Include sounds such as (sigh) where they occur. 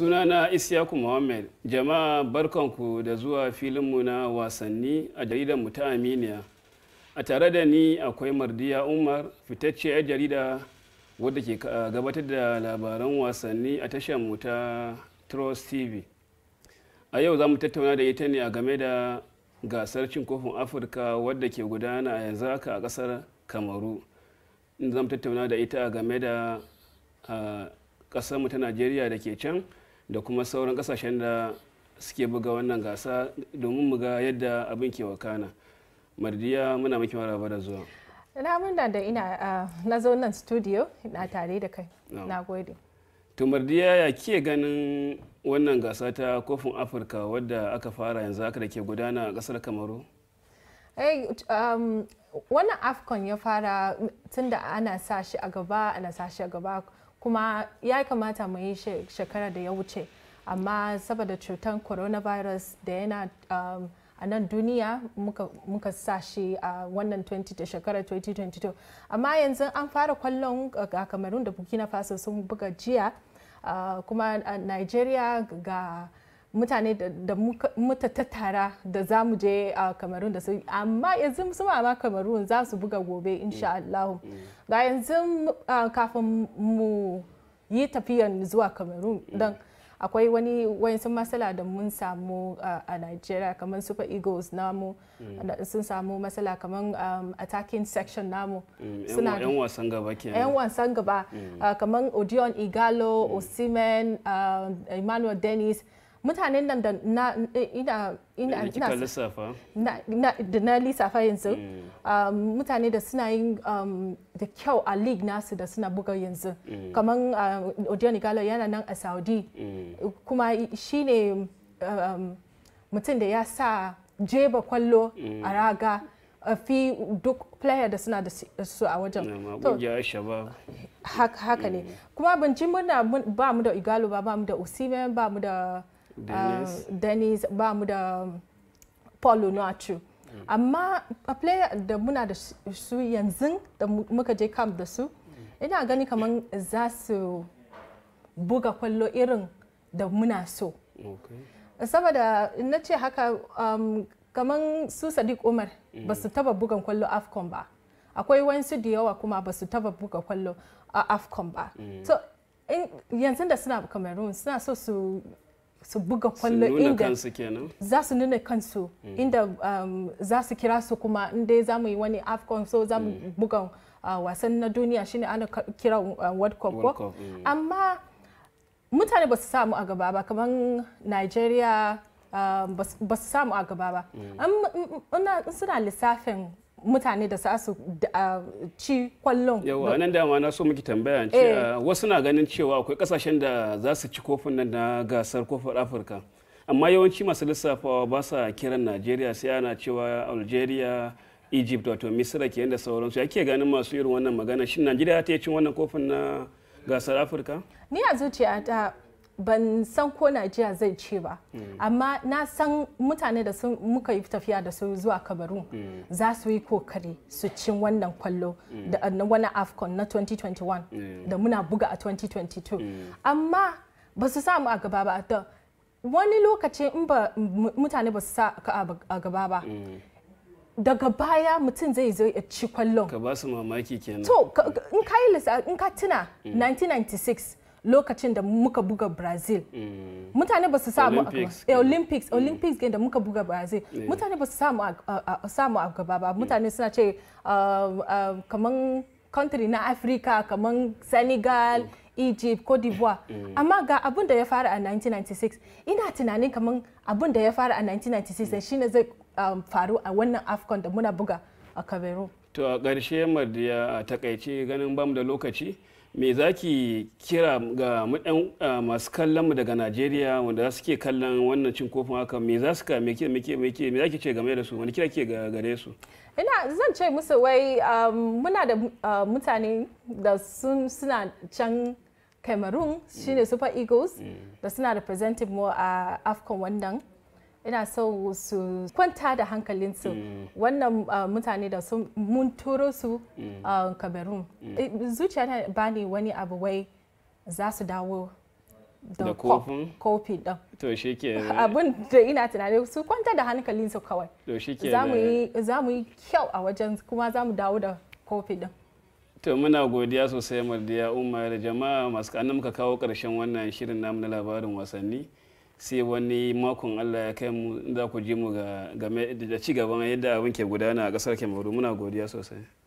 sunana isyaku muhammad jama'a barkanku da zuwa filinmu na wasanni a jaridarmu ta aminiya a tare da ni akwai mardiya umar fitacciyar jarida wadda ke ah, gabatar da labaran wasanni a tashar mu ta trust tv a yau za mu tattauna da ita ne a game da gasar cin kofin afirka wadda ke gudana a yanzu haka a kasar kamaru za mu tattauna da ita a game da kasarmu ah, ta najeriya da ke can da kuma sauran kasashen da suke buga wannan gasa domin mu ga yadda abin ke wakana mardiya muna miki maraba da zuwa na murna da ina na zo nan studio na tare da kai na gode to mardiya ya ke ganin wannan gasa ta kofin afirka wadda aka fara yanzu aka da ke gudana a kasar kamaru eh, um, wannan afcon ya fara tunda ana sa shi a gaba ana sa shi a gaba kuma ya kamata mu yi shekara da ya wuce amma saboda cutar coronavirus da yana um, a nan duniya muka, muka sa shi a wannan 20 da shekarar 2022 amma yanzu an fara kwallon uh, ga kamarun da burkina faso sun buga jiya uh, kuma a nigeria ga mutane da muta tattara da za mu je a kamarun da su amma yanzu su ma kamarun za su buga gobe insha mm. Allah mm. ga yanzu kafin mu yi tafiyan zuwa kamarun mm. don akwai wani wayansu matsala da mun samu a Nigeria kamar Super Eagles namu sun samu matsala kamar um, attacking section namu suna yan wasan gaba ke yan wasan gaba kamar Odion Igalo Osimen um, Emmanuel Dennis mutanen nan da na eh, ina ina ina da na lissafa yanzu um, mutane da suna yin um, da kyau a league nasu da suna buga yanzu kamar um, Odion Igalo yana nan a Saudi kuma shine mutum da ya sa jeba kwallo a raga a fi duk player da suna da su a wajen. To, haka ne. Kuma bincin muna ba mu da Igalo ba, ba mu da Osimhen, ba mu da dennis ah, ba mu da paul onuachu mm. amma a player da muna da su yanzu da muka je camp da su mm. ina gani kamar za su buga kwallo irin da muna so saboda na ce haka um, kamar su sadiq umar mm. ba su taba bugan kwallo afcon ba akwai wasu da yawa kuma ba su taba buga kwallo a afcon ba so yanzu da suna cameroon suna so su su buga kwallo inda za su nuna kansu mm. inda um, za su kira su kuma inda za mu yi wani afcon so za mu mm. buga uh, wasan na duniya shine ana kira uh, world cup mm. amma mutane ba su samu a gaba ba kamar nigeria um, ba su samu a gaba ba suna lissafin mutane da sa su ci kwallon yawa nan dama na so muke tambaya eh. wasu na ganin cewa akwai kasashen da za su ci kofin nan na gasar kofar afirka amma yawanci masu lissafawa ba sa kiran najeriya sai ana cewa algeria egypt wato misira ke da sauransu ya ke ganin masu irin wannan magana shin najeriya ta yi cin wannan kofin na gasar afirka ni a zuciya ban san ko Najeriya zai ce ba mm. amma na san mutane da sun muka yi tafiya da su zuwa kabaru mm. za su yi kokari su cin wannan kwallo mm. da wani Afcon na 2021 da muna buga a 2022 amma ba su samu a gaba ba da wani lokaci in ba mutane ba su sa a gaba ba daga baya mutum zai zo ya ci kwallon ka ba su mamaki kenan to in ka tuna 1996 lokacin da muka buga brazil mm. mutane ba su samu a eh, olympics olympics game da muka buga brazil mutane ba su samu a gaba ba mutane suna ce uh, uh, kaman country na afirka kamar senegal mm. egypt ko d'ivoire mm. amma ga abin da ya fara a 1996 ina tunanin kaman abin da ya fara a 1996 shine zai um, faru a wannan afcon da muna buga a cameroon to a ƙarshe madiya a takaice ganin bamu da lokaci me za ki kira ga masu kallon mu daga najeriya wanda za su ke kallon wannan cin kofin haka me za su ka me za ki ce game da su wani kira ke gare su ina zan ce musu wai muna da mutane da suna can cameroon shine mm. super eagles mm. da suna representing mu a afcon wannan ina so su kwanta da hankalinsu mm. wannan ah, mutane da sun mun turo su mm. ah, cameroon mm. eh, zuciya na bani wani abu wai za su dawo da kofi ɗin. To shi ke (laughs) Abin da ina tunani su kwanta da hankalinsu kawai. To shi ke Za mu yi kyau a wajen kuma za mu dawo da kofi ɗin. To muna godiya sosai Mardiya Umar jama'a masu kanan muka kawo ƙarshen wannan shirin namu na labarin wasanni. sai wani makon allah ya kai mu za ku ji mu ga ci gaban yadda abin ke gudana a kasar kemaru muna godiya sosai